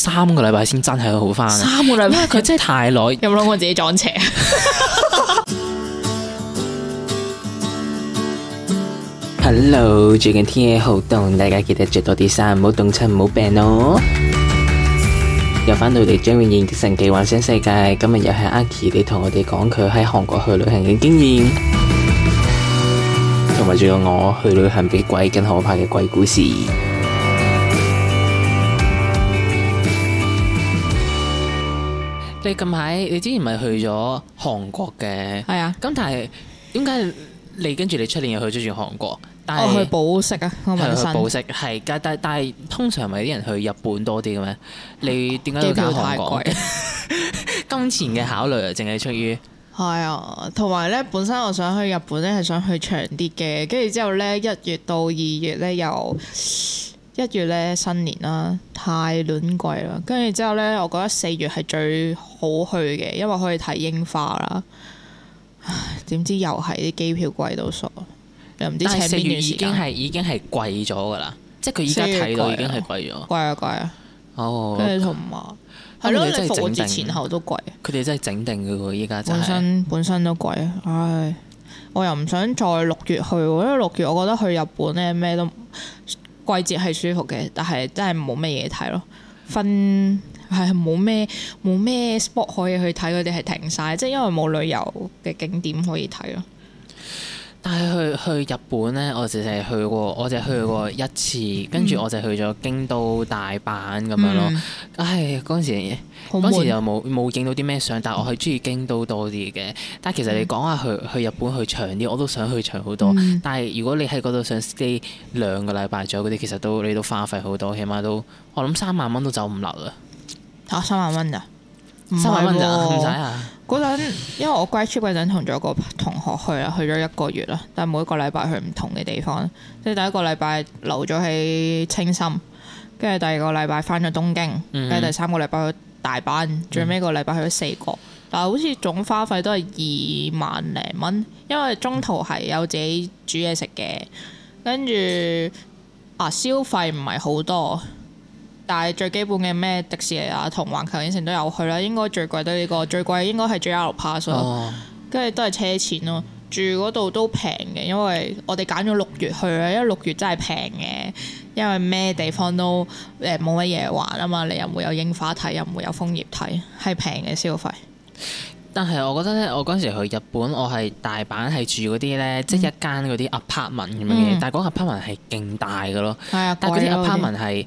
三個禮拜先真係好翻，三個禮拜佢真係太耐。有冇諗過自己撞邪啊？Hello，最近天氣好凍，大家記得着多啲衫，唔好凍親，唔好病哦。又返到嚟張穎賢的神奇幻想世界，今日又係 Aki 你同我哋講佢喺韓國去旅行嘅經驗，同埋仲有我去旅行比鬼更可怕嘅鬼故事。你近排你之前咪去咗韓國嘅？係啊的，咁但係點解你跟住你出年又去咗住韓國？我、哦、去保食啊，我咪去保食係。但係但係通常咪啲人去日本多啲嘅咩？你點解要揀韓國？ 金錢嘅考慮淨係出於？係啊，同埋咧，本身我想去日本咧，係想去長啲嘅。跟住之後咧，一月到二月咧又。一月咧新年啦，太暖貴啦。跟住之後咧，我覺得四月係最好去嘅，因為可以睇櫻花啦。唉，點知又係啲機票貴到傻，又唔知請邊段時間。四月已經係已經係貴咗㗎啦，即係佢依家睇到已經係貴咗。貴啊貴啊！哦、oh, okay.，跟住同埋係咯，你復活節前後都貴，佢哋真係整定嘅喎。依家、就係、本身本身都貴，唉，我又唔想再六月去，因為六月我覺得去日本咧咩都季節係舒服嘅，但係真係冇乜嘢睇咯。分係冇咩冇咩 spot 可以去睇，佢哋係停晒，即係因為冇旅遊嘅景點可以睇咯。但係去去日本咧，我就係去過，我就係去過一次，跟住、嗯、我就去咗京都、大阪咁樣咯。嗯、唉，嗰時嗰時很悶 又冇冇影到啲咩相，但係我係中意京都多啲嘅。但係其實你講下去、嗯、去日本去長啲，我都想去長好多。嗯、但係如果你喺嗰度想 stay 兩個禮拜左右嗰啲，其實都你都花費好多，起碼都我諗三萬蚊都走唔甩啦。嚇、啊！三萬蚊咋、啊？啊、三萬蚊咋？唔使啊！嗰陣，因為我 grad trip 嗰陣同咗個同學去啊，去咗一個月啦。但每一個禮拜去唔同嘅地方，即第一個禮拜留咗喺青森，跟住第二個禮拜翻咗東京，跟住第三個禮拜去大阪，最尾個禮拜去咗四個。但係，好似總花費都係二萬零蚊，因為中途係有自己煮嘢食嘅，跟住啊消費唔係好多。但係最基本嘅咩迪士尼啊同環球影城都有去啦，應該最貴都呢、呢個最貴應該係 JR pass 跟住、哦、都係車錢咯。住嗰度都平嘅，因為我哋揀咗六月去啊。因為六月真係平嘅，因為咩地方都誒冇乜嘢玩啊嘛，你又唔會有，有櫻花睇，又唔會有楓葉睇，係平嘅消費。但係我覺得咧，我嗰時去日本，我係大阪係住嗰啲咧，即、嗯、一間嗰啲 apartment 咁樣嘅，但係嗰個 apartment 係勁大嘅咯，但係嗰啲 apartment 係。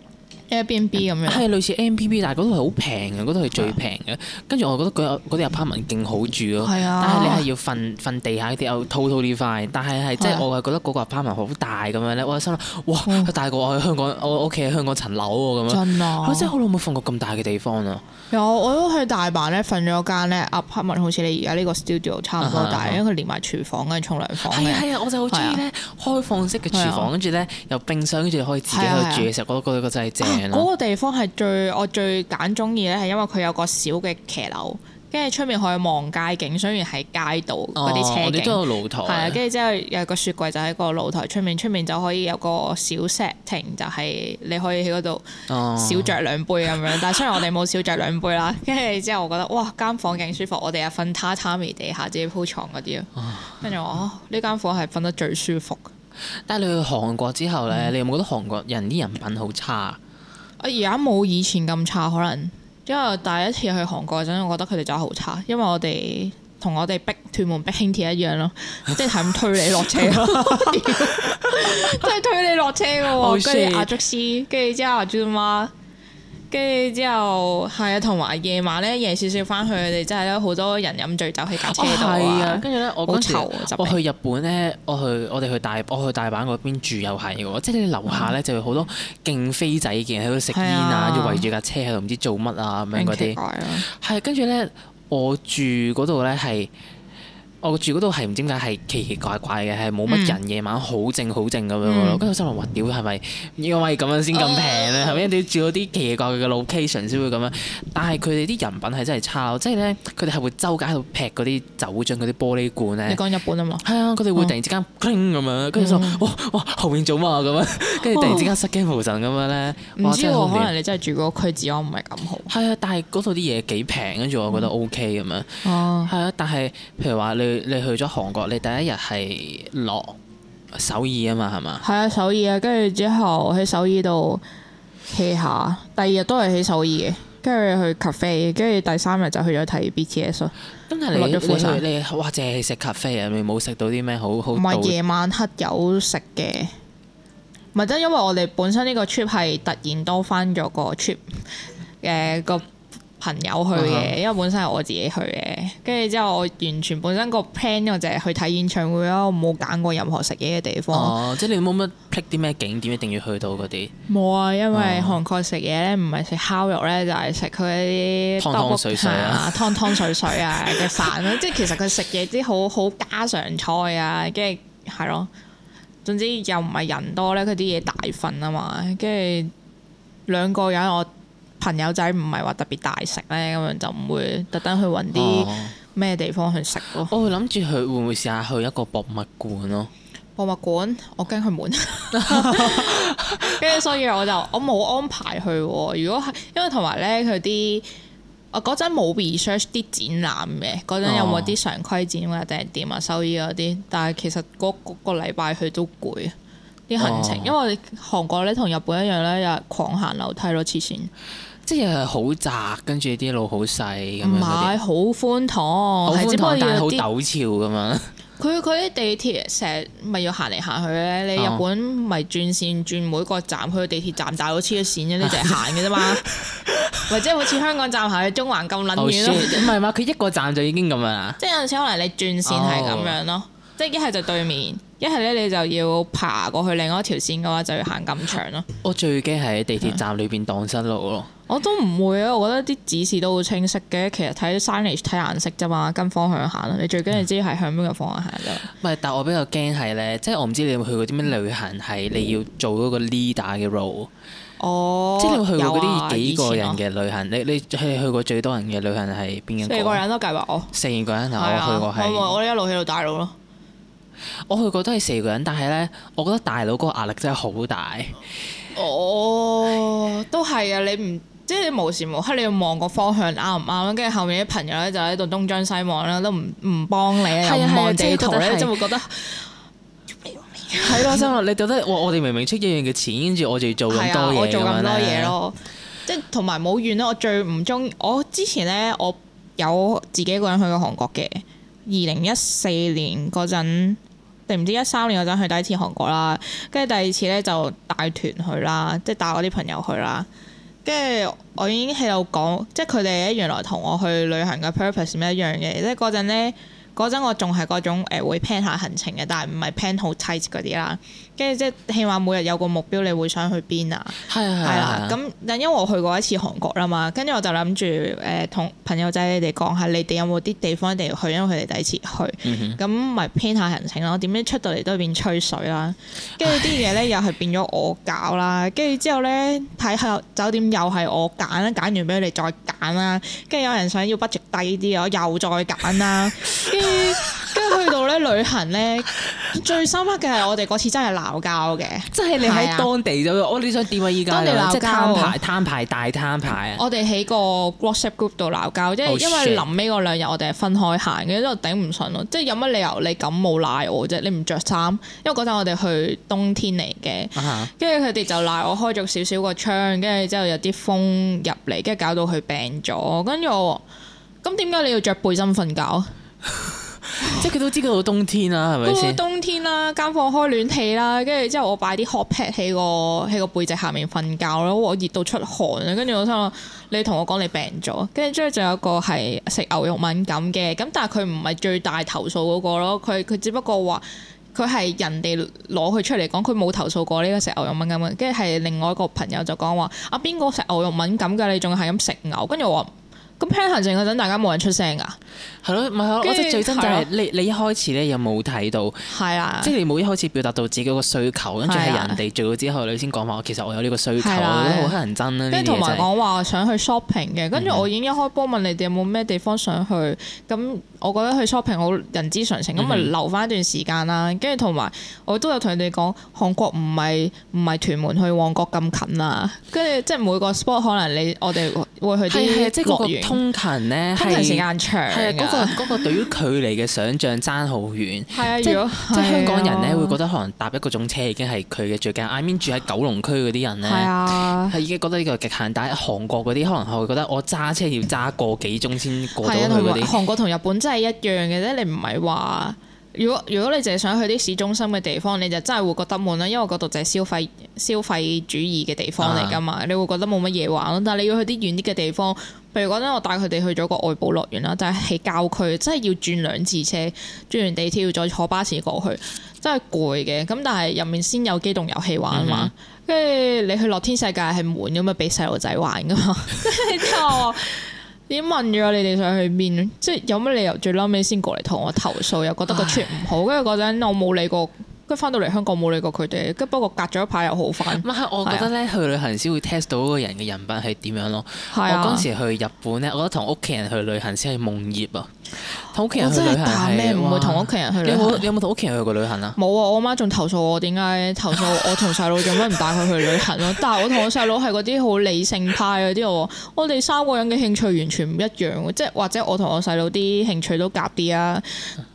Airbnb 咁樣，係類似 Airbnb 但係嗰度係好平嘅，嗰度係最平嘅。跟住我覺得佢嗰啲 apartment 勁好住咯，但係你係要瞓瞓地下啲又土土啲塊。但係係即係我係覺得嗰個 apartment 好大咁樣咧，我心諗哇，大過我喺香港我屋企喺香港層樓喎咁樣。真真係好耐冇瞓過咁大嘅地方啦。有，我都去大阪咧瞓咗間咧 apartment，好似你而家呢個 studio 差唔多大，因為連埋廚房跟住沖涼房。係啊！我就好中意咧開放式嘅廚房，跟住咧有冰箱，跟住可以自己喺度住嘅時候，我都覺得個真係正。嗰個地方係最我最揀鍾意咧，係因為佢有個小嘅騎樓，跟住出面可以望街景。雖然係街道嗰啲、哦、車景，我哋都有露台。係啊，跟住之後有個雪櫃就喺個露台出面，出面就可以有個小 setting，就係、是、你可以喺嗰度小酌兩杯咁樣。哦、但係雖然我哋冇小酌兩杯啦，跟住之後我覺得哇，間房勁舒服。我哋又瞓榻榻米地下，自己鋪床嗰啲咯。跟住唉我，呢、啊、間房係瞓得最舒服。但係你去韓國之後咧，你有冇覺得韓國人啲人品好差？而家冇以前咁差，可能因為第一次去韓國陣，我覺得佢哋就係好差，因為我哋同我哋逼屯門逼輕鐵一樣咯，即係係咁推你落車咯，即係 推你落車嘅喎，跟住阿竹師，跟住之後阿朱媽。跟住之後係啊，同埋夜晚咧夜少少翻去，佢哋真係咧好多人飲醉酒喺架車度啊！跟住咧我嗰時，我去日本咧，我去我哋去大我去大阪嗰邊住又係喎，即係是的 你樓下咧、嗯、就會好多勁飛仔嘅喺度食煙啊，要的圍住架車喺度唔知做乜啊咁樣嗰啲。係跟住咧，我住嗰度咧係。我住嗰度係唔知點解係奇奇怪怪嘅，係冇乜人很靜很靜，夜晚好靜好靜咁樣咯。跟住我心諗話：屌係咪因為咁樣先咁平咧？係咪一定要住到啲奇怪嘅 location 先會咁樣？但係佢哋啲人品係真係差，即係咧佢哋係會周街喺度劈嗰啲酒樽嗰啲玻璃罐咧。你講日本啊嘛？係啊，佢哋會突然之間 cling 咁樣，跟住就哇哇後面做乜啊咁樣，跟 住突然之間，間失驚無神咁樣咧。唔知喎，可能你真係住嗰區治安唔係咁好。係啊，但係嗰度啲嘢幾平，跟住我覺得 OK 咁樣。哦、嗯。係啊，但係譬如話你。你去咗韓國，你第一日係落首爾啊嘛，係嘛？係啊，首爾啊，跟住之後喺首爾度歇下，第二日都係喺首爾，跟住去 cafe，跟住第三日就去咗睇 BTS。咁但係你咗你你哇，淨係食 cafe 啊？你冇食到啲咩好好？唔係夜晚黑有食嘅，咪即係因為我哋本身呢個 trip 係突然多返咗個 trip 嘅、呃、個。朋友去嘅，uh huh. 因為本身係我自己去嘅，跟住之後我完全本身個 plan 我就係去睇演唱會咯，我冇揀過任何食嘢嘅地方。哦，uh，即係你冇乜 pick 啲咩景點一定要去到嗰啲？冇啊，因為韓國食嘢咧，唔係食烤肉咧，就係食佢啲湯湯水水啊，啊，湯湯水水啊嘅飯咯。 即係其實佢食嘢啲好好家常菜啊，跟住係咯，總之又唔係人多咧，佢啲嘢大份啊嘛，跟住兩個人我。朋友仔唔係話特別大食呢，咁樣就唔會特登去揾啲咩地方去食咯、哦。我會諗住佢會唔會試下去一個博物館咯、啊。博物館，我驚佢悶，跟住 所以我就我冇安排去。如果係因為同埋呢，佢啲，我嗰陣冇 research 啲展覽嘅，嗰陣有冇啲常規展啊、定係點啊、收衣嗰啲。但係其實嗰嗰個禮拜去都攰，啲行程、哦、因為韓國呢，同日本一樣呢，又係狂行樓梯咯，黐線。即係好窄，跟住啲路好細，咁樣唔係，好寬敞，好但係好陡峭噶嘛。佢佢啲地鐵成日咪要行嚟行去咧？你、哦、日本咪轉線轉每個站去地鐵站，大佬黐咗車線你啲就係行嘅啫嘛。或者好似香港站下嘅中環咁撚遠咯。唔係嘛？佢一個站就已經咁樣啦。即係有陣時可能你轉線係咁樣咯，哦、即係一係就對面。一係咧，你就要爬過去另一條線嘅話，就要行咁長咯。我最驚係喺地鐵站裏邊蕩失路咯。 我都唔會啊，我覺得啲指示都好清晰嘅。其實睇啲 signage 睇顏色啫嘛，跟方向行。你最緊要知係向邊個方向行啫。唔係、嗯，但我比較驚係咧，即係我唔知你有冇去過啲咩旅行係你要做嗰個 leader 嘅 role。哦、嗯，即係你有去過嗰啲幾個人嘅旅行？哦啊啊、你你去過最多人嘅旅行係邊一個？四個人都計劃我。四二個,個人我去過我一路喺度帶路咯。我去過都係四個人，但係咧，我覺得大佬嗰個壓力真係好大。哦，oh, 都係啊！你唔即係無時無刻你要望個方向啱唔啱，跟住後面啲朋友咧就喺度東張西望啦，都唔唔幫你，啊、又唔望地圖咧，就會覺得係咯，生你覺得我哋明明出一樣嘅錢，跟住我就要做咁多嘢咯，啊，即係同埋冇怨啦。我最唔中，我之前咧我有自己一個人去過韓國嘅。二零一四年嗰陣定唔知一三年嗰陣去第一次韓國啦，跟住第二次咧就帶團去啦，即係帶我啲朋友去啦。跟住我已經喺度講，即係佢哋咧原來同我去旅行嘅 purpose 唔一樣嘅。即係嗰陣咧，嗰陣我仲係嗰種誒、呃、會 plan 下行程嘅，但係唔係 plan 好 tight 嗰啲啦。跟住即係，起碼每日有個目標，你會想去邊是啊？係係啦。咁但因為我去過一次韓國啦嘛，跟住我就諗住誒同朋友仔你哋講下，你哋有冇啲地方一定要去，因為佢哋第一次去。咁咪編下行程咯。點知出到嚟都變吹水啦。跟住啲嘢咧又係變咗我搞啦。跟住唉 之後咧，睇下酒店又係我揀啦，揀完俾你哋再揀啦。跟住有人想要 budget 低啲，我又再揀啦。 跟住旅行咧最深刻嘅係我哋嗰次真係鬧交嘅，即係你喺當地就我你想點啊？依家，當地鬧交，攤牌攤牌大攤牌。我哋喺個 WhatsApp group 度鬧交，即係因為臨尾嗰兩日我哋係分開行嘅，之後頂唔順咯。即係有乜理由你感冒賴我啫？你唔着衫，因為嗰陣我哋去冬天嚟嘅，跟住佢哋就賴我開咗少少個窗，跟住之後有啲風入嚟，跟住搞到佢病咗。跟住我話：咁點解你要着背心瞓覺？ 即係佢都知佢到冬天啦，係咪先？冬天啦，間房開暖氣啦，跟住之後我擺啲 hot pad 喺個喺個背脊下面瞓覺咯，我熱到出汗啊！跟住我心諗，你同我講你病咗，跟住之後仲有一個係食牛肉敏感嘅，咁但係佢唔係最大投訴嗰個咯，佢佢只不過話佢係人哋攞佢出嚟講，佢冇投訴過呢個食牛肉敏感，跟住係另外一個朋友就講話啊，邊個食牛肉敏感噶？你仲係咁食牛？跟住我。咁 plan 行程嗰陣，大家冇人出聲㗎，係咯，唔係我覺得最真就係你你一開始咧有冇睇到？係啊，即係你冇一開始表達到自己個需求，跟住係人哋做咗之後，你先講話。其實我有呢個需求，好乞人憎啦。跟住同埋講話想去 shopping 嘅，跟住我已經一開波問你哋有冇咩地方想去。咁我覺得去 shopping 好人之常情，咁咪留翻一段時間啦。跟住同埋我都有同你哋講，韓國唔係唔係屯門去旺角咁近啊。跟住即係每個 spot 可能你我哋會去啲，即係通勤咧，通勤時間長。係、那、啊、個，嗰個嗰個對於距離嘅想像爭好遠。係 啊，如果即係、啊、香港人咧會覺得可能搭一個鐘車已經係佢嘅最近。I mean、啊、住喺九龍區嗰啲人咧係啊，係已經覺得呢個極限。但係韓國嗰啲可能係會覺得我揸車要揸個幾鐘先過到去嗰啲。同、啊、韓國同日本真係一樣嘅啫。你唔係話如果如果你淨係想去啲市中心嘅地方，你就真係會覺得悶啦，因為嗰度就係消費消費主義嘅地方嚟噶嘛，啊、你會覺得冇乜嘢玩咯。但係你要去啲遠啲嘅地方。譬如嗰陣我帶佢哋去咗個外部樂園啦，但係喺郊區，真係要轉兩次車，轉完地鐵要再坐巴士過去，真係攰嘅。咁但係入面先有機動遊戲玩嘛，跟住、mm hmm. 你去樂天世界係悶咁啊，俾細路仔玩㗎嘛。之後點問咗你哋想去邊，即係有乜理由，最嬲尾先過嚟同我投訴，又覺得個場唔好？跟住嗰陣我冇理過。跟翻到嚟香港冇理過佢哋，不過隔咗一排又好翻是、啊。我覺得咧去旅行先會 test 到個人嘅人品係點樣咯。我當時去日本咧，我覺得同屋企人去旅行先係夢葉啊。同屋企人真係帶咩？唔會同屋企人去。你有冇有冇同屋企人去過旅行啊？冇啊！我阿媽仲投訴我點解投訴我？我同細佬做咩唔帶佢去旅行咯？ 但係我同我細佬係嗰啲好理性派嗰啲我。我哋三個人嘅興趣完全唔一樣，即係或者我同我細佬啲興趣都夾啲啊。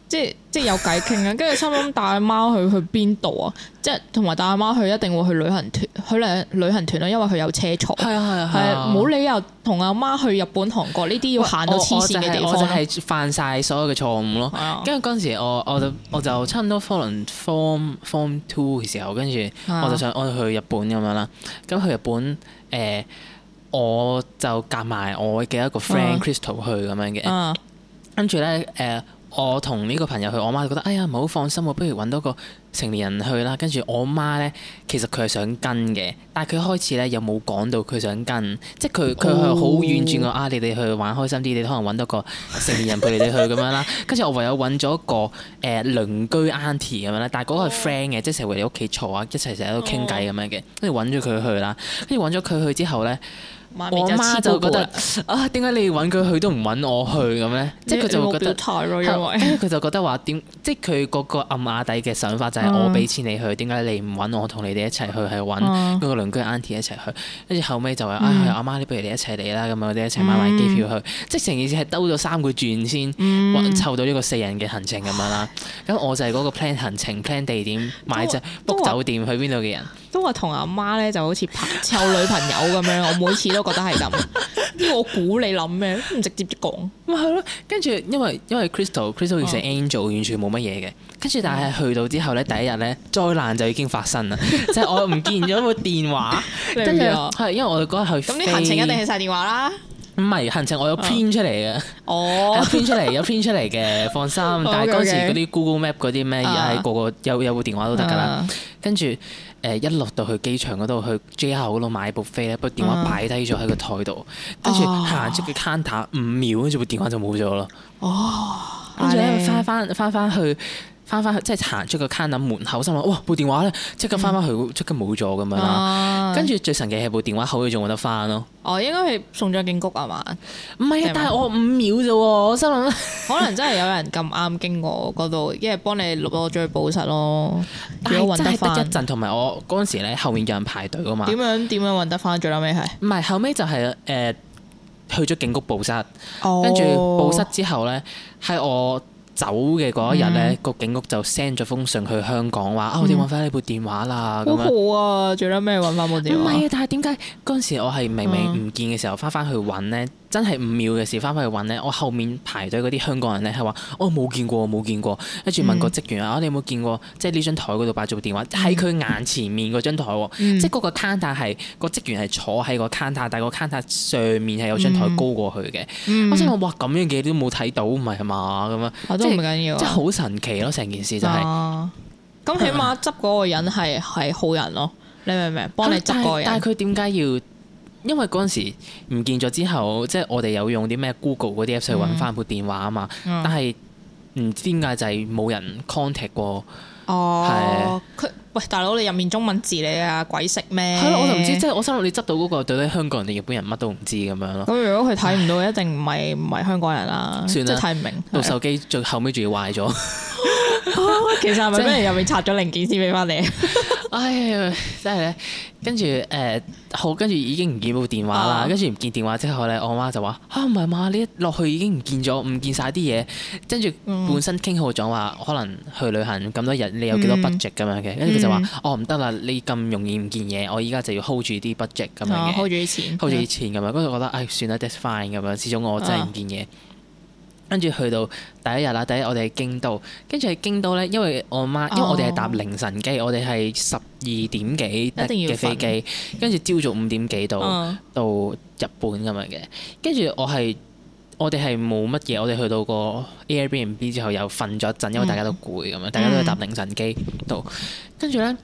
即係即係有偈傾啊！跟住心諗帶阿媽去去邊度啊？即係同埋帶阿媽去，一定會去旅行團，去旅行團咯，因為佢有車坐。係啊係啊係啊！冇、啊、理由同阿媽去日本、韓國呢啲要行到黐線嘅地方。或者係犯晒所有嘅錯誤咯。跟住嗰陣時我，我我就我就差唔多 form form form two 嘅時候，跟住我就想、啊、我哋去日本咁樣啦。咁去日本誒、呃，我就夾埋我嘅一個 friend Crystal 去咁樣嘅。跟住咧誒。我同呢個朋友去，我媽就覺得哎呀，唔係好放心喎，不如揾到個成年人去啦。跟住我媽呢，其實佢係想跟嘅，但係佢開始呢，又冇講到佢想跟，即係佢佢係好婉轉個、oh. 啊，你哋去玩開心啲，你可能揾到個成年人陪你哋去咁 樣啦。跟住我唯有揾咗一個誒、呃、鄰居 auntie 咁樣啦，但係嗰個係 friend 嘅，即係成日會嚟屋企坐啊，一齊成日喺度傾偈咁樣嘅。跟住揾咗佢去啦，跟住揾咗佢去之後呢。我媽就覺得 啊，點解你要揾佢去都唔揾我去嘅咩？ 即係佢就覺得係，跟住佢就覺得話點，即係佢嗰個暗媽底嘅想法就係我俾錢你去，點解、嗯、你唔揾我同你哋一齊去，係揾嗰個鄰居 auntie 一齊去。跟住後尾就話啊，阿、嗯哎、媽，媽，你不如你一齊嚟啦，咁樣我哋一齊買買機票去。即係成件事係兜咗三個轉先，湊、嗯、到呢個四人嘅行程咁樣啦。咁、嗯、我就係嗰個 plan 行程、 plan 地點、買就 book 酒店去邊度嘅人。都話同阿媽咧就好似拍湊女朋友咁樣，我每次都覺得係咁。我估你諗咩？唔直接啲講咪係咯。跟住因為因為 Crystal Crystal 其實 Angel 完全冇乜嘢嘅。跟住但係去到之後咧，第一日咧災難就已經發生啦。即係我唔見咗部電話。跟住係，因為我哋嗰日去咁，你行程一定係晒電話啦。唔係行程，我有編出嚟嘅。哦，有編出嚟，有編出嚟嘅，放心。但係當時嗰啲 Google Map 嗰啲咩，而係個個有有部電話都得噶啦。跟住。誒一落到去機場嗰度，去 J 口嗰度買部飛咧，部電話擺低咗喺個枱度，跟住行出個 counter 五秒，跟住部電話就冇咗喇。哦，跟住咧返返返返去。翻翻去即係行出個 canon 門口，心諗哇部電話咧，即刻翻翻去，即刻冇咗咁樣啦。跟住、嗯、最神奇係部電話後尾仲揾得翻咯。哦，應該係送咗警局吖嘛？唔係啊，但係我五秒啫，者我心諗可能真係有人咁啱經過嗰度，一係幫你攞咗去報失咯。但係我係得一陣，同埋我嗰陣時咧後面有人排隊噶嘛？點樣點樣揾得翻？最後尾係唔係後尾就係、是、誒、呃、去咗警局報失。跟住報失之後咧係我。走嘅嗰一日咧，個、嗯、警屋就 send 咗封信去香港，話：嗯、樣啊，我哋揾翻你部電話啦？咁冇啊，仲有咩揾翻部電話？唔係啊，但係點解嗰陣時我係明明唔見嘅時候去呢，翻翻去揾咧？真係五秒嘅事，翻返去揾咧。我後面排隊嗰啲香港人咧，係話我冇見過，冇見過。跟住問個職員、嗯、啊，你有冇見過？即係呢張台嗰度擺住電話，喺佢、嗯、眼前面嗰張台喎。嗯、即係嗰個 counter 係、個職員係坐喺個 counter，但係個 counter 上面係有張台高過去嘅。嗯嗯、我想話哇，咁樣嘅嘢都冇睇到，唔係嘛咁樣。嗯、即係是唔緊要、啊，即係好神奇咯。成件事就係、是，咁、啊、起碼執嗰個人係係好人咯。啊、你明唔明？幫你執個人，但係佢點解要？因為嗰陣時唔見咗之後，即係我哋有用啲咩 Google 嗰啲 app 去揾翻部電話啊嘛，嗯嗯、但係唔知點解就係冇人 contact 過。哦，佢是喂大佬，你入面中文字你啊，鬼識咩？係咯，我就唔知，即係對 我心諗你執到嗰、嗰個對,對香港人定日本人乜都唔知咁樣咯。咁如果佢睇唔到，唉一定唔係唔係香港人啦，即係睇唔明部手機最後尾仲要壞咗。是的 其實係咪俾人入面拆咗零件先俾翻你？ 唉，真係咧，跟住誒好，跟住已經唔見部電話啦，跟住唔見電話之後咧，我媽就話啊唔係嘛，你一落去已經唔見咗，唔見晒啲嘢。跟住本身傾好咗話，可能去旅行咁多日，你有幾多 budget 咁樣嘅。跟住佢就話：嗯、哦唔得啦，你咁容易唔見嘢，我依家就要 hold 住啲 budget 咁樣嘅，hold 住啲錢，hold 住啲錢咁樣。跟住、啊啊、覺得唉、哎，算啦，that's fine 咁樣，始終我真係唔見嘢。啊。跟住去到第一日啦，第一日我哋京都，跟住喺京都咧，因為我媽，因為我哋係搭凌晨機，哦、我哋係十二點幾嘅飛機，跟住朝早五點幾到到日本咁樣嘅。跟住、哦、我係我哋係冇乜嘢，我哋去到個 Airbnb 之後又瞓咗陣，因為大家都攰咁樣，嗯、大家都係搭凌晨機到。跟住咧，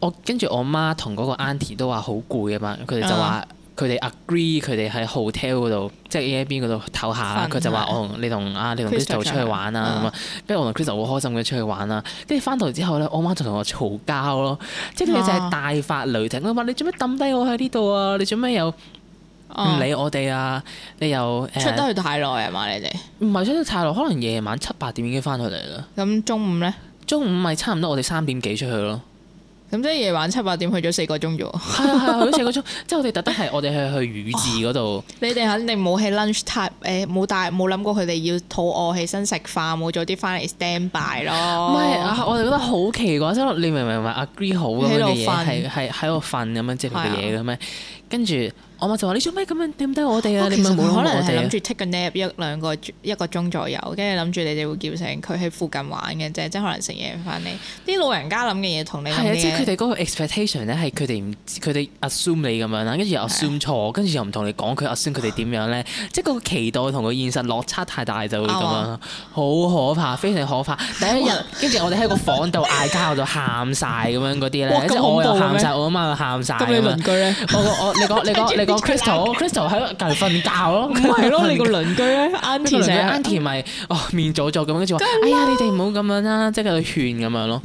我跟住我媽同嗰個阿 y 都話好攰啊嘛，佢哋就話、嗯。佢哋 agree，佢哋喺 hotel 度，即係 A，A，B 度唞下佢、嗯、就話：我你同啊，你同 Crystal 出去玩啦咁啊。跟住、啊、我同 Crystal 好開心佢出去玩啦、啊。跟住翻到嚟之後咧，我媽就同我嘈交咯。即係佢就係大發雷霆，佢話：你做咩抌低我喺呢度啊？你做咩又唔理我哋啊？啊你又、uh, 出得去太耐啊嘛？你哋唔係出得太耐，可能夜晚七八點已經翻到嚟啦。咁中午咧？中午咪差唔多，我哋三點幾出去咯。咁即係夜晚七八點去咗四個鐘啫喎，係啊係，四個鐘，即係我哋特登係我哋係去宇治嗰度。你哋肯定冇喺 lunch time 誒冇帶冇諗過佢哋要肚餓起身食飯，冇早啲翻嚟 stand by 咯。唔係啊，我哋覺得好奇怪，即係你明唔明啊？Agree 好咁嘅嘢，係喺度瞓咁樣即係嘢咁樣？跟住。我媽就話：你做咩咁樣掟低我哋啊！你其實可能係諗住 take a nap 一兩個一個鐘左右，跟住諗住你哋會叫醒佢喺附近玩嘅啫，即係可能食嘢翻嚟。啲老人家諗嘅嘢同你係即佢哋嗰個 expectation 咧，係佢哋唔佢哋 assume 你咁樣啦，跟住又 assume 錯，跟住又唔同你講佢 assume 佢哋點樣咧？即係個期待同個現實落差太大就會咁樣，好可怕，非常可怕。第一日跟住我哋喺個房度嗌交就喊晒咁樣嗰啲咧，即我我喊晒，我媽就喊曬。咁你鄰居咧？我你講你講個 Crystal，Crystal 喺隔籬瞓覺咯，唔係咯？你個鄰居咧，Aunty 成，Aunty 咪哦面左左咁，跟住話哎呀，你哋唔好咁樣啦、啊，即係佢勸咁樣咯、啊。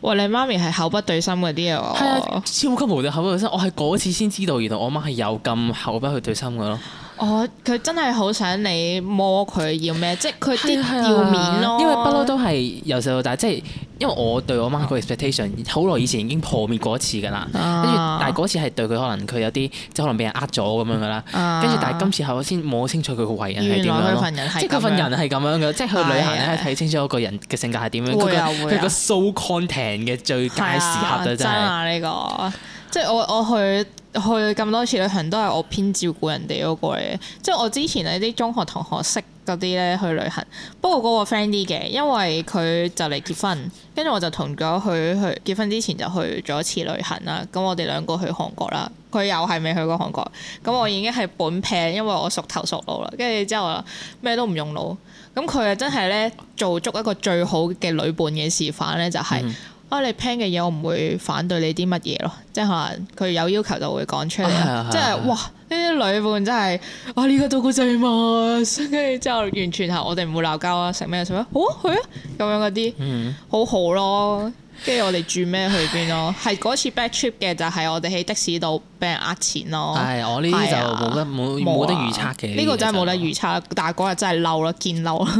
哇，你媽咪係口不對心嗰啲啊，係啊，超級無敵口不對心。我係嗰次先知道，原來我媽係有咁口不對心噶咯、啊。哦，佢真係好想你摸佢要咩，即係佢啲要面咯、啊， 因為不嬲都係由細到大，即係。因為我對我媽個 expectation 好耐以前已經破滅過一次㗎啦，跟住、啊、但係嗰次係對佢可能佢有啲即、就是、可能俾人呃咗咁樣㗎啦，跟住、啊、但係今次後我先摸清楚佢個份人係點樣，即係佢份人係咁樣嘅，即係去旅行咧睇清楚一個人嘅性格係點樣，佢、啊那個佢個 show content 嘅最佳時刻就、啊、真係呢個，啊、即係我我，我去。去咁多次旅行都係我偏照顧人哋嗰、嗰個嘅，即係我之前咧啲中學同學識嗰啲咧去旅行，不過嗰個 friend 啲嘅，因為佢就嚟結婚，跟住我就同咗佢去結婚之前就去咗一次旅行啦。咁我哋兩個去韓國啦，佢又係未去過韓國，咁我已經係本平，因為我熟頭熟腦啦，跟住之後啊咩都唔用腦，咁佢啊真係咧做足一個最好嘅女伴嘅示範咧，就係、係。嗯啊！你 plan 嘅嘢我唔會反對你啲乜嘢咯，即係可能佢有要求就會講出嚟，啊、即係哇呢啲女伴真係啊呢個都古仔嘛，跟住之後完全係我哋唔會鬧交啊，食咩食咩好去啊咁樣嗰啲，好、嗯嗯、好咯～跟住我哋住咩去邊咯？係嗰唉次 bad trip 嘅就係我哋喺的士度俾人呃錢咯。係我呢啲就冇得冇得預測嘅。呢個真係冇得預測，但係嗰日真係嬲啦，見嬲，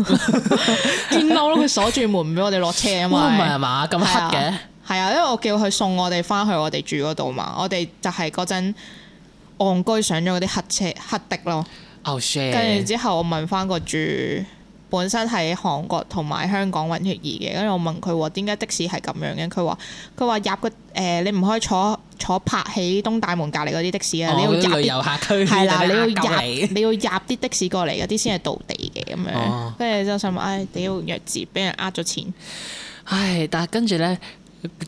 見嬲咯！佢 鎖住門唔俾我哋落車、哦、啊嘛。唔係啊嘛，咁黑嘅。係啊，因為我叫佢送我哋翻去我哋住嗰度嘛。我哋就係嗰陣戇居上咗嗰啲黑車黑的咯。跟住、oh, 之後我問翻個住。本身係韓國同埋香港混血兒嘅，跟住我問佢話點解的士係咁樣嘅？佢話佢話入個誒、呃，你唔可以坐坐泊喺東大門隔離嗰啲的士啊，你要入啲遊客區，係啦，你要入你要入啲的士過嚟嗰啲先係道地嘅咁樣，跟住就想話唉，點要弱智，俾人呃咗錢，唉，但係跟住咧。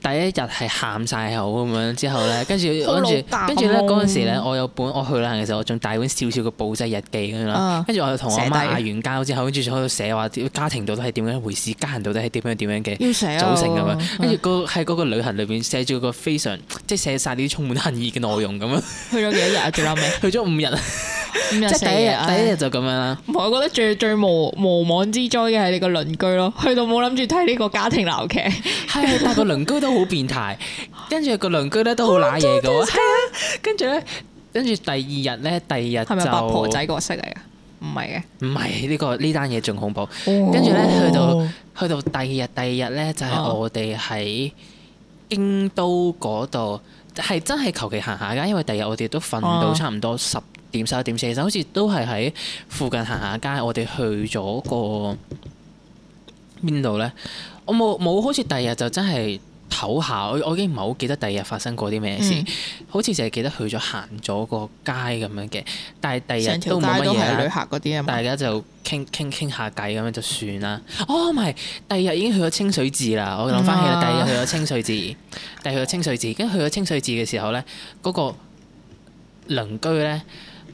第一日係喊晒口咁樣，之後咧，跟住跟住，跟住咧嗰陣時咧，我有本，我去旅行嘅時候，我仲帶本少少嘅簿仔日記咁樣，啊、就跟住我同我阿媽嗌完交之後，跟住就喺度寫話家庭到底係點樣一回事，家人到底係點樣點樣嘅組成咁樣，跟住喺嗰個旅行裏邊寫咗個非常即係寫晒啲充滿恨意嘅內容咁樣。去咗幾多日啊？最後尾去咗、啊、 五日 即係第一日，哎、第一日就咁樣啦。我覺得最最無無妄之災嘅係你個鄰居咯。去到冇諗住睇呢個家庭鬧劇，係但係個鄰居都好變態，跟住個鄰居咧都好揦嘢噶。係啊， 跟住咧，跟住第二日咧，第二日就係咪八婆仔角色嚟噶？唔係嘅，唔係呢個呢單嘢仲恐怖。Oh. 跟住咧，去到去到第二日，第二日咧就係、係、我哋喺京都嗰度，係、oh. 真係求其行下噶，因為第二日我哋都瞓到差唔多十。Oh. 點三點四點，其實好似都係喺附近行下街。我哋去咗、嗰個邊度咧？我冇冇好似第二日就真係唞下。我已經唔係好記得第二日發生過啲咩事，嗯、好似淨係記得去咗行咗個街咁樣嘅。但係第二日都冇乜嘢旅客嗰啲啊。大家就傾傾傾下偈咁樣就算啦。哦唔係，第二日已經去咗清水寺啦。我諗翻起啦，第、嗯啊、二日去咗清水寺，第去咗清水寺。跟住去咗清水寺嘅時候咧，嗰、嗰個鄰居咧。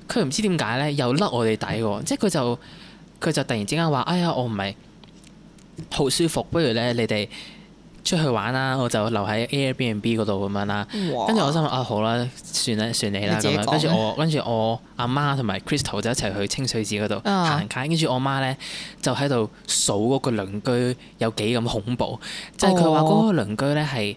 佢唔知點解咧，又甩我哋底喎，即係佢就佢就突然之間話：哎呀，我唔係好舒服，不如咧你哋出去玩啦，我就留喺 Airbnb 嗰度咁樣啦。跟住哇 我心話：啊好啦，算啦，算你啦咁樣。跟住我跟住我阿媽同埋 Crystal 就一齊去清水寺嗰度行街，跟住、啊、我媽咧就喺度數嗰個鄰居有幾咁恐怖，即係佢話嗰個鄰居咧係。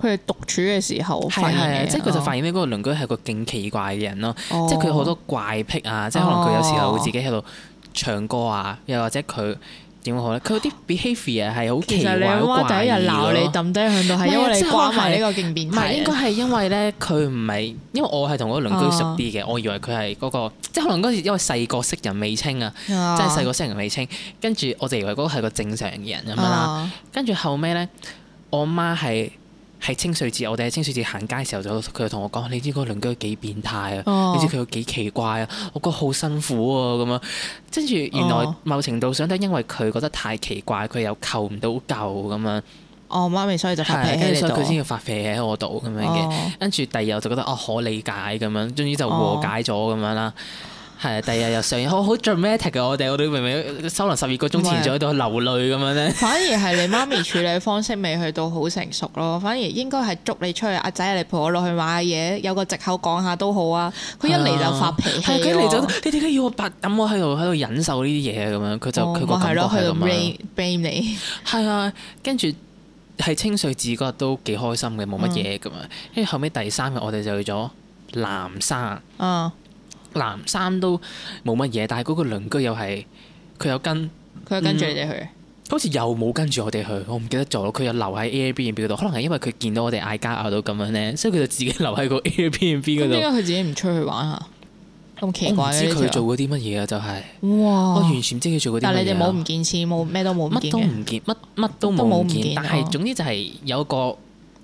佢哋獨處嘅時候發現即係佢就係、發現呢嗰個鄰居係個勁奇怪嘅人咯，oh. 即係佢好多怪癖啊，即係可能佢有時候會自己喺度唱歌啊，又或者佢點講好咧？佢啲 behaviour 係好奇怪好怪嘅，第一日鬧你抌低喺度，係因為你關係呢個勁變，唔係對應該係因為咧佢唔係，因為我係同嗰個鄰居熟啲嘅，oh. 我以為佢係嗰個，即係可能嗰時因為細個識人未清啊，即係細個識人未清，跟住、oh. 我就以為嗰個係個正常嘅人咁樣啦。跟住、oh. 後尾咧，我媽係。喺清水寺，我哋喺清水寺行街嘅時候就佢就同我講，你知嗰個鄰居幾變態啊，哦、你知佢有幾奇怪啊，我覺得好辛苦啊咁樣。跟住原來某程度上都因為佢覺得太奇怪，佢又求唔到救咁樣。哦，媽咪所以就發脾氣喺你度，所以佢先要發脾氣喺我度咁樣嘅。跟住、哦、第二日就覺得哦可理解咁樣，終於就和解咗咁樣啦。哦了係啊，第日又上演。好好 dramatic 嘅我哋，我哋明明收留十二個鐘前仲喺度流淚咁樣咧。反而係你媽咪處理方式未去到好成熟咯，反而應該係捉你出去，阿仔嚟陪我落去買下嘢，有個藉口講下都好啊。佢一嚟就發脾氣，佢一嚟就你點解要我白忍、嗯、我喺度喺度忍受呢啲嘢啊咁樣？佢就佢個感覺咁樣。係咯、哦，去到 blame 你。係 啊，跟住係清水寺嗰日都幾開心嘅，冇乜嘢咁啊。跟住、嗯、後尾第三日，我哋就去咗南山啊。嗯藍衫都冇乜嘢，但係嗰個鄰居又係佢、嗯、有跟，佢有跟住你哋去，好似又冇跟住我哋去，我唔記得咗。佢又留喺 Airbnb 度，可能係因為佢見到我哋嗌交嗌到咁樣咧，所以佢就自己留喺個 Airbnb 嗰度。咁點解佢自己唔出去玩下？咁奇怪咧？佢做嗰啲乜嘢啊？就係哇，我完全唔知佢做嗰啲。但你哋冇唔見錢，冇咩都冇，乜都唔見，乜乜都冇唔見。但係總之就係有個。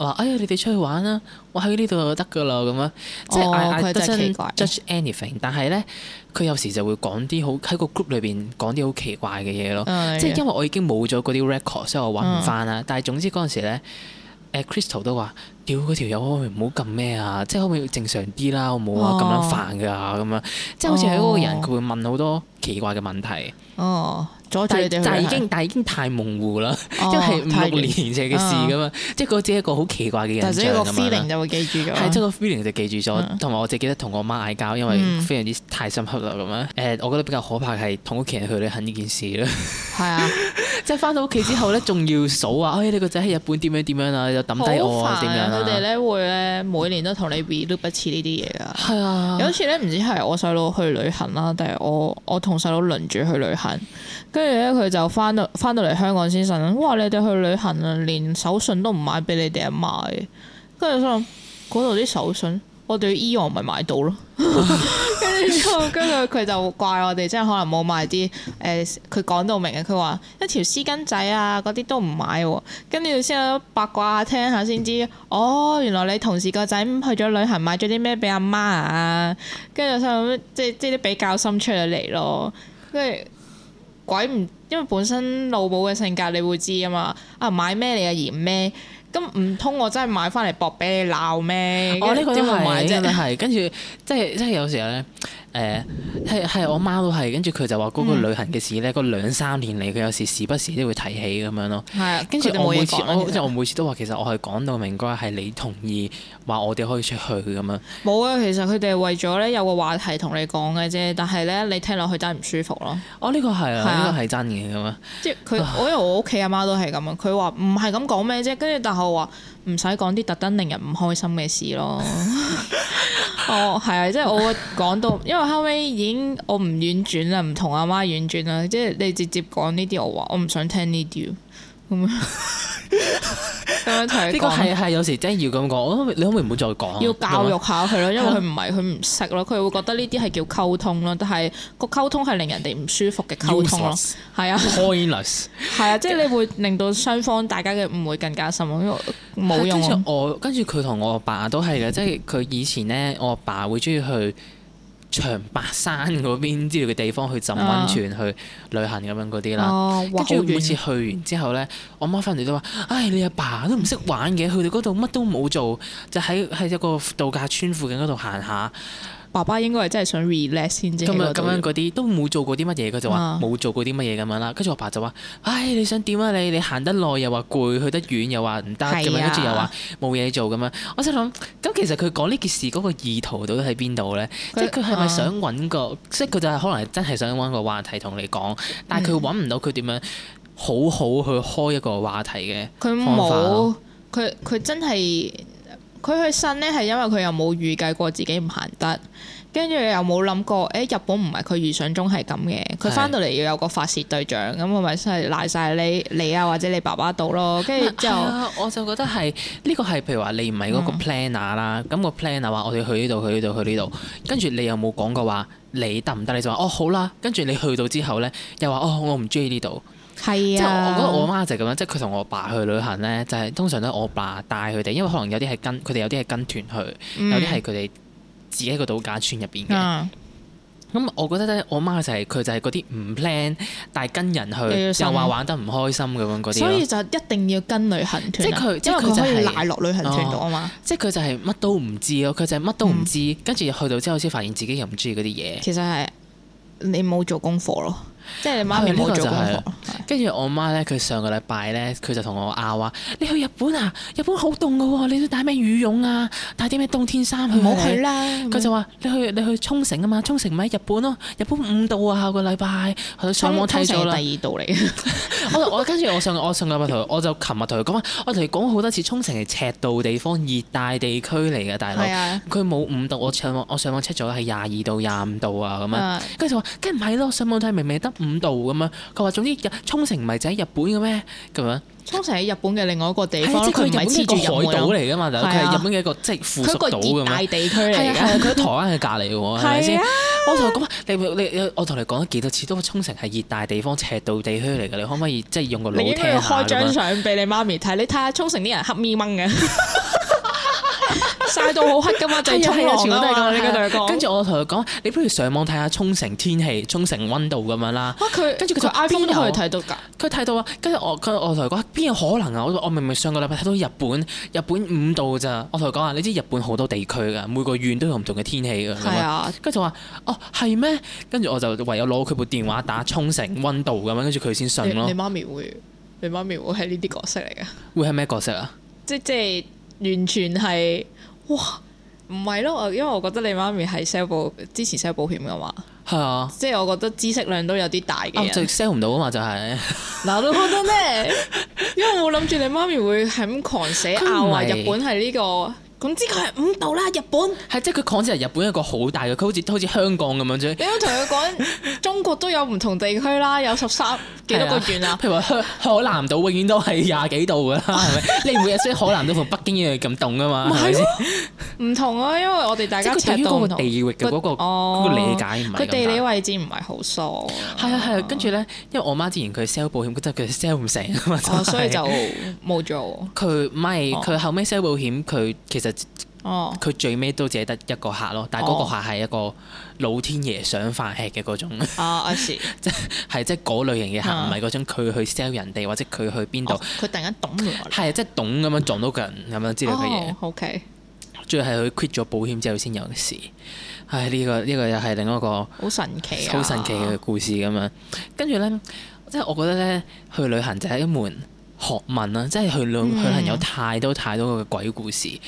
話，哎呀，你哋出去玩啦，我喺呢度就得㗎啦，咁樣，哦、即係是佢真係奇怪 judge anything 但。但係咧，佢有時就會講啲好喺個 group 裏邊講啲好奇怪嘅嘢咯。哎、呀 即係因為我已經冇咗嗰啲 record，所以我揾唔翻啦。嗯、但係總之嗰陣時咧，誒、呃、Crystal 都話，屌，嗰條友唔好咁咩啊？即係可唔可以正常啲啦？好唔好啊？咁、哦、樣煩㗎！咁樣。即係好似嗰個人，佢、哦、會問好多。奇怪嘅問題哦，阻住佢哋，但已經但已經太模糊啦，因為係五六年前嘅事咁啊，即係嗰隻一個好奇怪嘅人，所以啊，個 feeling 就會記住咗，係即係個 feeling 就記住咗，同埋我凈記得同我媽嗌交，因為非常之太深刻啦咁啊。誒，我覺得比較可怕係同屋企人去旅行呢件事啦。係啊，即係翻到屋企之後咧，仲要數啊，哎，你個仔喺日本點樣點樣啊，又抌低我啊，點樣？佢哋咧會咧，每年都同你 reloop 一次呢啲嘢啊。係啊，有一次咧唔知係我細佬去旅行啦，定係我我同。同細佬輪住去旅行，跟住咧佢就返到返到嚟香港先信。哇！你哋去旅行啊，連手信都唔買俾你哋阿媽嘅。跟住心諗嗰度啲手信。我對醫藥咪係買到咯，跟住之後，跟住佢就怪我哋，即係可能冇買啲誒，佢講到明嘅，佢話一條絲巾仔啊，嗰啲都唔買喎，跟住先八卦下聽下先知，哦，原來你同事個仔去咗旅行買咗啲咩俾阿媽啊，跟住就諗即係即係啲比較心出咗嚟咯，跟住鬼唔，因為本身老母嘅性格你會知啊嘛，啊買咩你又嫌咩？咁唔通我真係買翻嚟搏俾你鬧咩？哦，呢、呢個都係，呢真都係，嗯、跟住即係即係有時候咧。誒係係，我媽都係，跟住佢就話嗰個旅行嘅事咧，嗰、嗯、兩三年嚟，佢有時時不時都會提起咁樣咯。係啊、嗯，跟住我，我每次，我，我每次都話，其實我係講到明啲，係你同意話我哋可以出去咁樣。冇啊，其實佢哋係為咗咧有個話題同你講嘅啫，但係咧你聽落去真係唔舒服咯。哦，呢、呢個係啊，呢個係真嘅咁樣。即係佢， 我因為我屋企阿媽都係咁樣，佢話唔係咁講咩啫，跟住但係話唔使講啲特登令人唔開心嘅事咯。 哦，係啊，即係我會講到，因為後尾已經我唔婉轉啦，唔同阿媽婉轉啦，即係你直接講呢啲我話，我唔想聽呢啲，唔好。 呢 個係係有時真要咁講，你可唔可以唔好再講？要教育下佢咯，因為佢唔係佢唔識咯，佢會覺得呢啲係叫溝通咯，但係個溝通係令人哋唔舒服嘅溝通咯，係啊 p 啊，即係你會令到雙方大家嘅誤會更加深咯。冇用、啊我我爸爸，我跟住佢同我阿爸都係嘅，即係佢以前咧，我阿爸會中意去。長白山嗰邊之類嘅地方去浸温泉、啊、去旅行咁樣嗰啲啦，跟住、啊、著每次去完之後咧，我媽翻嚟都話：，唉，你阿爸，爸都唔識玩嘅，去到嗰度乜都冇做，就喺喺一個度假村附近嗰度行下。爸爸應該係真係想 relax 先啫。今日咁樣嗰啲都冇做過啲乜嘢，佢就話冇做過啲乜嘢咁樣啦。跟住、嗯、我爸就話：，唉，你想點啊？你你行得耐又話攰，去得遠又話唔得咁樣，跟住、啊、又話冇嘢做咁樣。我想諗，咁其實佢講呢件事嗰個意圖到底喺邊度咧？他即係佢係咪想揾個？啊、即係佢就係可能真係想揾個話題同你講，嗯、但係佢揾唔到佢點樣好好去開一個話題嘅方法。佢冇，佢佢真係。佢去呻咧，係因為佢又冇預計過自己唔行得，跟住又冇諗過，誒、欸、日本唔係佢預想中係咁嘅，佢翻到嚟要有個發泄對象，咁我咪真係賴晒你你啊，或者你爸爸度咯，跟住之後、啊、我就覺得係呢個係譬如話你唔係嗰個 planner 啦，咁、嗯、個 planner 話我哋去呢度去呢度去呢度，跟住你又冇講過話你得唔得，你就話哦好啦，跟住你去到之後咧又話哦我唔中意呢度。係是啊，我覺得我媽就係咁樣，即係佢同我爸去旅行咧，就係通常都我爸帶佢哋，因為可能有啲係跟，佢哋有啲係跟團去，嗯、有啲係佢哋自己一個度假村入邊嘅。咁、嗯、我覺得咧、就是，我媽就係佢就係嗰啲唔 plan，但係跟人去，又話玩得唔開心嘅嗰啲。所以就一定要跟旅行團，啊，即係佢，即係佢可以賴落旅行團度啊嘛。就是哦、即係佢就係乜都唔知咯，佢就係乜都唔知，跟住、嗯、去到之後先發現自己又唔中意嗰啲嘢，其實係你冇做功課咯。即係你媽去冇做。跟住我媽咧，佢上個禮拜咧，佢就同我拗話：是你去日本啊？日本好凍噶，你都帶咩羽絨啊？帶啲咩冬天衫、啊、去？唔好去啦！佢就話：你去你去沖繩啊嘛！沖繩咪喺日本咯？日本五度啊！下個禮拜，上網睇咗第二度嚟。 我跟住我上我上個禮拜同我就琴日同佢講，我同佢講好多次沖繩係赤道地方熱帶地區嚟嘅，大佬，佢冇五度。我上網我上網 check 咗係廿二度廿五度啊咁樣。跟住的 就話：跟唔係咯？上網睇明明得。五度咁樣，佢話總之沖繩唔係就喺日本嘅咩咁樣？沖繩喺日本嘅另外一個地方，即佢唔係一個海島嚟噶嘛？就係對、啊、日本嘅一個即係、就是、附屬島咁、啊啊啊、樣。佢熱帶地區嚟嘅，佢台灣嘅隔離喎，係咪先？我同你講，你你我同你講咗幾多次，都沖繩係熱帶地方、赤道地區嚟嘅，你可唔可以即係用個腦聽下？你應該要開張相俾你媽咪睇， 你睇下沖繩啲人黑咪掹嘅。睇 到好黑噶嘛，定沖繩啦。跟住我同佢講，你不如上網睇下沖繩天氣、沖繩溫度咁樣啦。佢跟住佢就 iPhone 都可以睇到㗎。佢睇到啊，跟住我佢我同佢講，邊有可能啊？我我明明上個禮拜睇到日本日本五度咋。我同佢講話，你知日本好多地區㗎，每個縣都有唔同嘅天氣㗎。係是啊，跟住就話哦，係咩？跟住我就唯有攞佢部電話打沖繩溫度咁樣，跟住佢先信咯你。你媽咪會，你媽咪會係呢啲角色嚟㗎？會係咩角色啊？即即係完全係。哇，唔係咯，我因為我覺得你媽咪係 sell 保之前 sell 保險嘅嘛，係啊的，即係我覺得知識量都有啲大嘅，就 sell 唔到啊嘛，就係、是、嗱，都覺得咩？因為我諗住你媽咪會係咁狂寫拗啊，話日本係呢、這個。總之佢係五度啦，日本係即係佢講咗係日本一個好大嘅，佢好似好似香港咁樣啫。你樣同佢講中國都有唔同地區啦，有十三幾多個縣啊。譬如話海南島永遠都係廿幾度噶啦，係咪？你唔會認輸海南島同北京一樣咁凍噶嘛？唔同啊，因為我哋大家睇到地域嘅嗰個嗰個理解唔係。佢地理位置唔係好疏。係啊係，跟住咧，因為我媽之前佢 sell 保險，覺得佢 sell 唔成所以就冇做。佢唔係佢後尾 sell 保險，佢其實。哦，佢最尾都只得一個客咯，但係嗰個客係一個老天爺想飯吃嘅嗰種，啊、哦、 即係即係嗰類型嘅客，唔係嗰種佢去 sell 人哋，或者佢去邊度，佢、哦、突然間懂落嚟。係啊，即係懂咁樣撞到個人咁樣、嗯、之類嘅嘢、哦，OK，最係佢 quit 咗保險之後先有事，唉，呢、這個呢、這個又係另一個好神奇、好神奇嘅故事咁樣，跟住咧，即係我覺得咧，去旅行就係一門。學問啊，即係去旅去行有太多太多嘅鬼故事。嗯、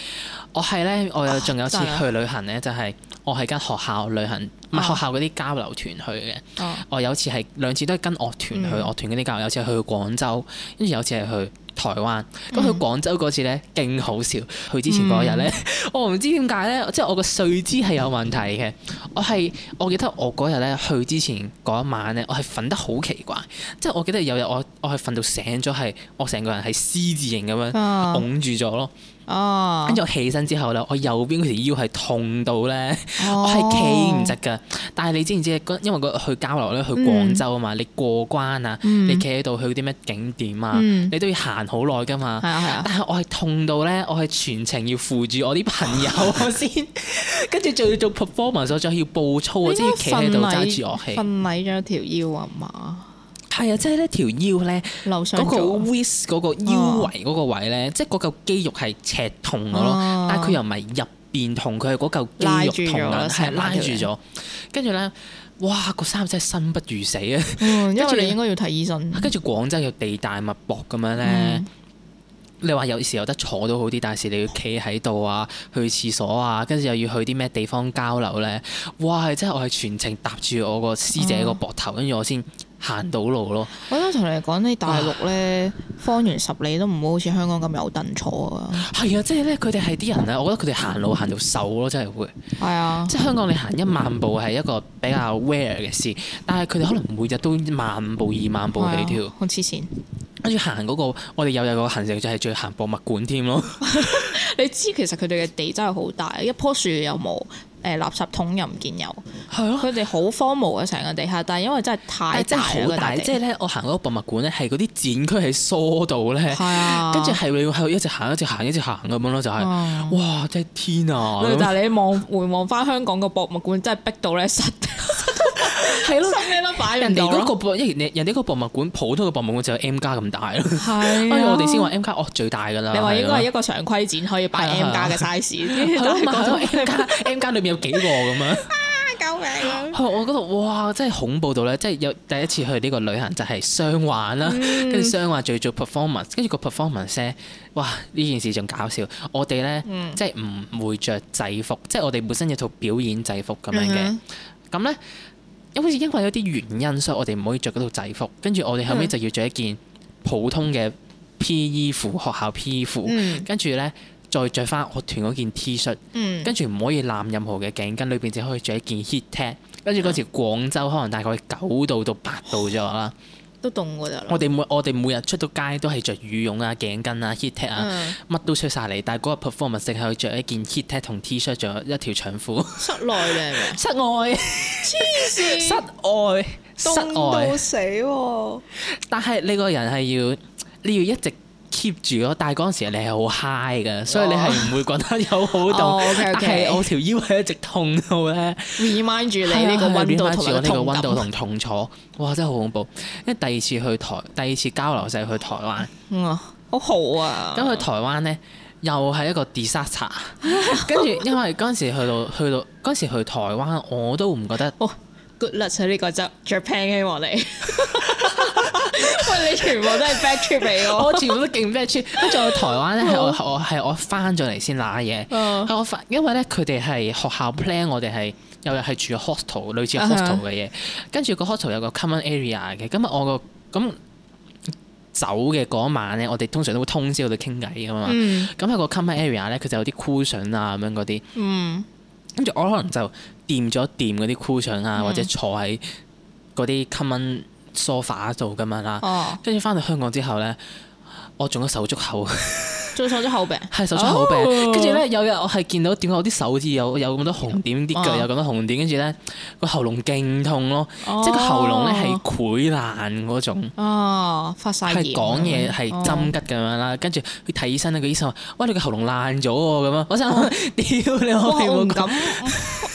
我係咧，我有仲有次去旅行咧，oh, 就係我係間學校旅行，唔係、oh. 學校嗰啲交流團去嘅。Oh. 我有次係兩次都係跟樂團去、oh. 樂團嗰啲交流，有次係去廣州，跟住有次係去台灣，咁去廣州嗰次咧，勁好笑。去之前嗰日咧，嗯、 我唔知點解咧，即係我個睡姿係有問題嘅。我係我記得我嗰日咧，去之前嗰一晚咧，我係瞓得好奇怪。即係我記得有日我我係瞓到醒咗係，我成個人係 C 字形咁樣拱住咗咯。啊 哦，跟住我起身之後咧，我右邊嗰條腰係痛到咧，哦、 我係企唔直噶。但係你知唔知？因為去交流咧，去廣州啊嘛，嗯、你過關啊，你企喺度去啲咩景點啊，嗯、你都要行好耐噶嘛。係啊係啊。但係我係痛到咧，我係全程要扶住我啲朋友我先，跟住仲要做 performance， 我仲要步操先企喺度揸住樂器，摯禮咗條腰啊嘛。係啊，即係呢條腰咧，樓上嗰個 waist 嗰個腰圍嗰個位咧，啊、即係嗰嚿肌肉係赤痛嘅咯，啊、但係佢又唔係入邊痛，佢係嗰嚿肌肉痛硬係拉住咗。跟住咧，住呢哇！個衫真係生不如死啊！嗯，因為你應該要睇醫生。跟住 呢廣州有地大物博咁樣咧。嗯。你話有時有得坐都好啲，但係你要企喺度啊，去廁所啊，跟住又要去啲咩地方交流呢？哇！真係我係全程搭住我個師姐個膊頭，跟住、啊、我先行到路咯。我想同你講，呢，大陸呢，啊、方圓十里都唔好，好似香港咁有凳坐啊。係啊，即係呢，佢哋係啲人咧，我覺得佢哋行路行到瘦咯，真係會。係啊。即係香港，你行一萬步係一個比較 wear 嘅事，但係佢哋可能每日都一萬步二萬步地跳、啊。好黐線。跟住行嗰個，我哋又有個行程就係要行博物館添咯。 你知其實佢哋嘅地真係好大，一棵樹又冇，誒垃圾桶又唔見有，係咯、啊。佢哋好荒蕪啊成個地下，但係因為真係太大啊個大。即係咧，我行嗰個博物館咧，係嗰啲展區喺疏度咧，跟住係你要喺度一直行、一直行、一直行咁樣咯，就係哇，真係天啊！但係你望回望翻香港個博物館，真係、啊、逼到咧實。係咯，咩都擺人哋嗰個博，一，人哋嗰個博物館，普通嘅博物館就有 M+ 咁大咯。係，所以我哋先話 M+ 哦最大噶啦。你話應該係一個常規展可以擺 M+ 嘅 size，咁啊 M+ M+ 裏面有幾個咁樣？啊，救命！我覺得，哇，真係恐怖到咧！即係有第一次去呢個旅行就係雙玩啦，跟住雙玩仲要做 performance，跟住個 performance 咧，哇！呢件事仲搞笑，我哋咧即係唔會着制服，即係我哋本身有套表演制服咁樣嘅，咁咧。因為因為有啲原因，所以我哋唔可以着嗰套制服。跟住我哋後尾就要着一件普通嘅 PE 褲，學校 PE 褲。跟住咧，再着翻樂團嗰件 T 恤。跟住唔可以攬任何嘅頸巾，裏邊只可以着一件 Heattech。跟住嗰時廣州可能大概九度到八度啫話啦。都凍，嗰度我哋每我哋每日出到街都係着羽絨啊、頸巾啊、heat 啊，乜都出晒嚟。但係嗰個 performance 淨係去着一件 heat 同 T-shirt 仲有一條長褲。室內嘅， 室外。黐線。室外。室外到死喎，啊！但係你個人係要，你要一直。keep 住咯，但係嗰陣時你係好 high 嘅，所以你係唔會覺得有好凍。Oh, okay, okay. 但係我條腰係一直痛到咧。remind 住你呢個溫度同呢個溫度同痛楚。哇！真係好恐怖。因為第二次去台，第二次交流就係去台灣。哇！好好啊。咁去台灣咧，又係一個 disaster。 跟住因為嗰陣時去到去到嗰陣時去台灣，我都唔覺得。 Good luck 喺呢個就 Japan 希望你，喂你全部都係 bad trip 嚟喎，我全部都勁 bad trip。跟住我台灣咧係我我係我翻咗嚟先拿嘢，係我翻因為咧佢哋係學校 plan 我哋係又係住 hostel，類似 hostel 嘅嘢。跟住個 hostel 有個 common area 嘅，咁啊我個咁走嘅嗰晚咧，我哋通常都會通宵喺度傾偈㗎嘛。咁喺個 common area 咧，佢就有啲 cushion 啊咁樣嗰啲。嗯。跟住我可能就掂咗掂嗰啲 cushion 啊，或者坐喺嗰啲 common sofa 度咁樣啦。跟住翻到香港之後咧，我仲有手足口。 最錯咗喉病，係手咗喉病，跟住咧有日我係見到點解我啲手指有有咁多紅點，啲腳有咁多紅點，跟住咧個喉嚨勁痛咯，即係個喉嚨咧係潰爛嗰種，哦發晒炎，係講嘢係針吉咁樣啦，跟住佢睇醫生咧，個醫生話：哇你個喉嚨爛咗喎，咁啊，我想：「屌你我唔敢，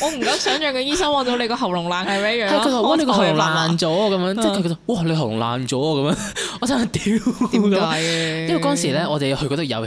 我唔敢想象個醫生望到你個喉嚨爛係咩樣你個喉嚨爛咗咁樣，即係佢佢覺得：「哇你喉嚨爛咗咁樣，我想：「係屌，點解因為嗰陣時咧我哋去嗰度有。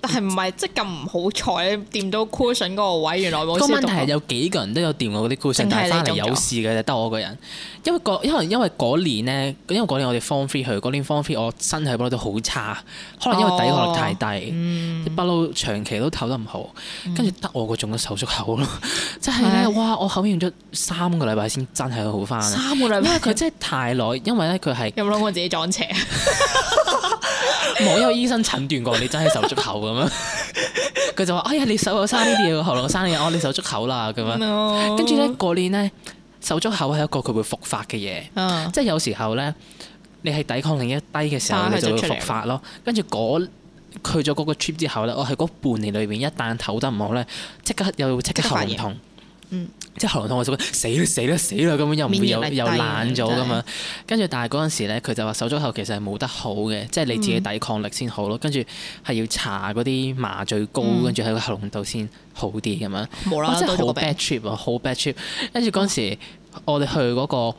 但係唔係即咁唔好彩，掂到 cushion 嗰個位，原來冇。個問題係有幾個人都有掂到嗰啲 cushion 但係翻嚟有事嘅，就得我個人。因為嗰因為因為嗰年咧，因為嗰年，年我哋 form three 去，嗰年 form three 我身體不嬲都好差，可能因為抵抗力太低不嬲 l 長期都唞得唔好，跟住得我個中嘅手足口咯。即係咧， 說的哇！我後面用咗三個禮拜先真係好翻。三個禮拜，佢真係太耐，因為咧佢係有冇諗過自己撞邪 冇一個醫生診斷過你真係手足口咁樣，佢就話：哎呀，你手有生呢啲嘢喎，喉嚨生嘢，哦你手足口啦咁樣。跟住咧，過年咧，手足口係一個佢會復發嘅嘢，uh. 即係有時候咧，你係抵抗力一低嘅時候，啊、你就會復發咯。跟住嗰去咗嗰個 trip 之後咧，我喺嗰半年裏邊，一旦唞得唔好咧，即刻又會即刻喉嚨痛。嗯即、即係喉嚨痛，我覺得死啦死啦死啦，根本又唔會有又懶咗噶嘛對。跟住但係嗰陣時咧，佢就話手足口其實係冇得好嘅，即係、嗯、你自己抵抗力先好咯。跟住係要搽嗰啲麻醉膏，跟住喺個喉嚨度先好啲咁樣。冇啦啦都個病，好 bad trip 啊，好 bad trip。跟住嗰陣時，我哋去嗰、嗰個，哦、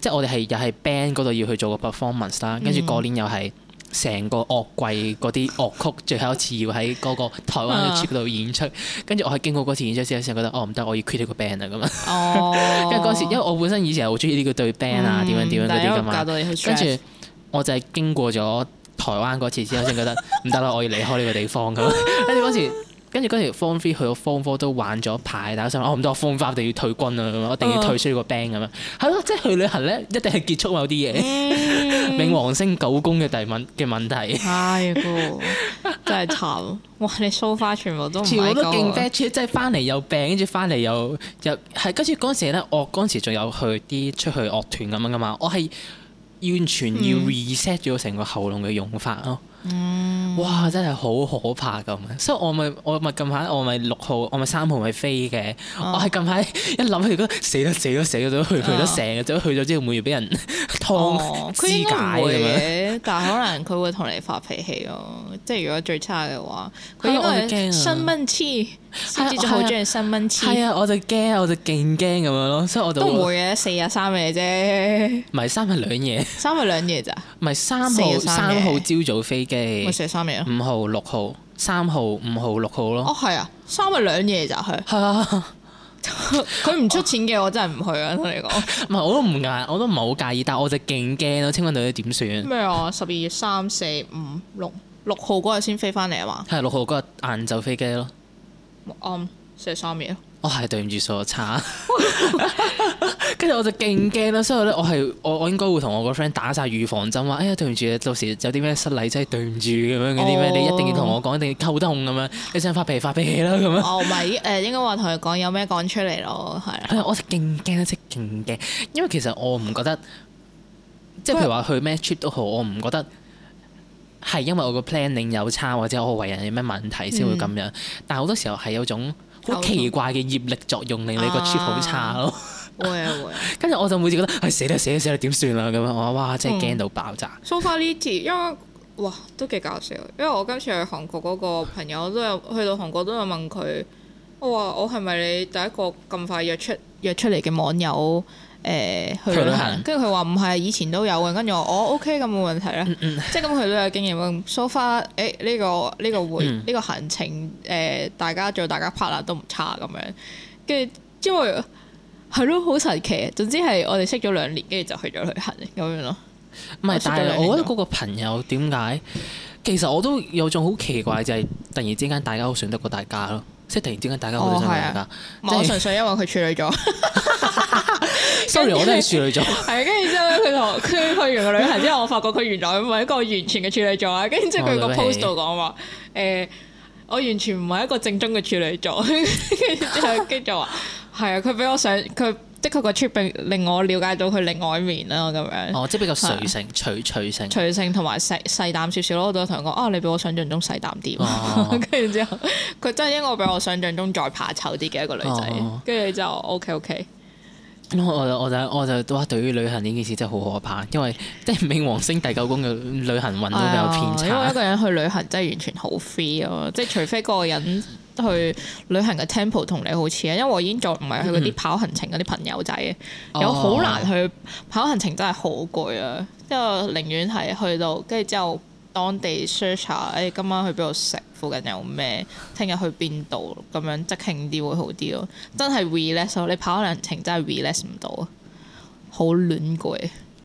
即係我哋係又係 band 嗰度要去做個 performance 啦。跟住過年又係。成個樂季嗰啲樂曲最後一次要喺嗰個台灣嘅 trip 度演出，跟住 我係經過嗰次演出之後先覺得 哦唔得，我要 create 個 band 啊咁啊。哦，跟住嗰時因為我本身以前好中意呢個隊 band 啊點、嗯、樣點樣嗰啲咁嘛。跟住我，我就係經過咗台灣嗰次之後先覺得唔得啦，我要離開呢個地方咁啊。跟住嗰時。跟住嗰條 Form Three 去到 Form Four 都玩咗排打手，我唔得 Form 我一定要退軍啦，我、uh. 一定要退出個 band 咁樣，係咯，即係去旅行咧一定係結束某啲嘢，冥、嗯、 王星九宮嘅第問嘅問題，太過、哎、真係慘， 哇！你 so far 全部都、那個、全部都勁 bad trip，即係翻嚟又病，跟住翻嚟又又係跟住嗰陣時咧，我嗰陣時仲有去啲出去樂團咁樣噶嘛，我係完全要 reset 咗成個,個喉嚨嘅用法咯。嗯嗯，哇！真係好可怕咁，所以我咪我咪近排我咪六號我咪三號咪飛嘅，我係近排、哦、一諗如果死咗死咗死咗去去咗成日走去咗之後每月俾人劏肢解咁樣、哦。 但可能佢會同你發脾氣咯，即係如果最差嘅話，佢應該係生悶氣。先至仲好中意新聞，黐係啊，啊，啊，啊！我就驚我就勁驚咁樣咯，所以我都唔會嘅四日三夜啫。唔係三日兩夜。 三日兩夜咋？唔係三號三號朝早飛機。咪寫三,三日五號六號三號五號六號咯。哦、啊，係啊，三日兩夜就係。係啊，佢唔出錢嘅，我真係唔去啊！同你講。唔係我都唔介，我都唔係好介意，但係我就勁驚咯。請問到你點算？咩啊？十二月三四五六六號嗰日先飛翻嚟啊嘛？係六號嗰日晏晝飛機咯。安，佘、um, 三爺咯、哦。我係對唔住，傻叉。跟住我就勁驚啦，所以咧，我係我我應該會同我個 friend 打晒預防針，話、哎、呀，對唔住，到時有啲咩失禮，真係對唔住咁樣嗰啲咩，你一定要同我講，一定要溝通咁樣。你想發脾氣發脾氣啦咁樣。哦、oh,，咪、呃、誒，應該話同佢講，有咩講出嚟咯，係、嗯。我係勁驚，即係勁驚，因為其實我唔覺得，即係譬如話去咩 trip 都好， 我唔覺得。係因為我個 planning 有差，或者我為人有咩問題先會咁樣。嗯、但係好多時候係有種好奇怪嘅業力作用令爾你個 trip 好差咯、啊 啊。會啊會啊！跟住 我就每次覺得係、哎、死啦死啦死啦點算啊咁樣，我話哇真係驚到爆炸。嗯、so far, t 因為哇都幾搞笑，因為我今次去韓國嗰個朋友，都有去到韓國都有問佢，我話我係咪你第一個咁快約出約出嚟嘅網友？誒去旅行，跟住佢話唔係，以前都有嘅。跟住我，我、哦、OK 咁冇問題啦。嗯嗯、即係咁，佢都有經驗咯。so far，誒呢個呢、呢個會呢、嗯、個行程誒、呃，大家做大家 partner 都唔差咁樣。跟住因為係咯，好神奇。總之係我哋識咗兩年，跟住就去咗旅行咁樣咯。唔係，但係我覺得嗰個朋友點解？其實我都有種好奇怪，就係、是、突然之間大家好信得過大家咯，即、就、係、是、突然之間大家好信過大家。啊、我純粹因為佢處理咗。 Sorry，我都係處女座，係跟住之後咧，佢就佢去完個旅行之後，我發覺佢原來唔係一個完全嘅處女座啊！跟住之後佢個 post 度講話誒，我完全唔係一個正宗嘅處女座。跟住之後跟住話係啊，佢 比我想，佢的確個 trip 令我了解到佢另外一面啦，咁樣。哦，即、就、係、是、比較隨性、對隨，隨性、隨性同埋細細膽少少咯。我都有同佢講啊，oh，你比我想象中細膽啲。哦，跟住之後佢真係應該比我想象中再怕醜啲嘅一個女仔。跟住、哦、就 OK OK。我我就我就哇！對於旅行呢件事真係好可怕，因為即係冥王星第九宮嘅旅行運都比較偏差、哎。一個人去旅行真係完全好 free 啊。即係除非嗰個人去旅行嘅 temple 同你好似啊，因為我已經再唔係去嗰啲跑行程嗰啲朋友仔，嗯、有好難去、哦、跑行程真係好攰啊，即係寧願係去到跟住之後。當地 search 下，誒今晚去邊度食？附近有咩？聽日去邊度？咁樣即興啲會好啲咯。真係 relax 咯，你跑咗兩程真係 relax 唔到啊，好亂攰。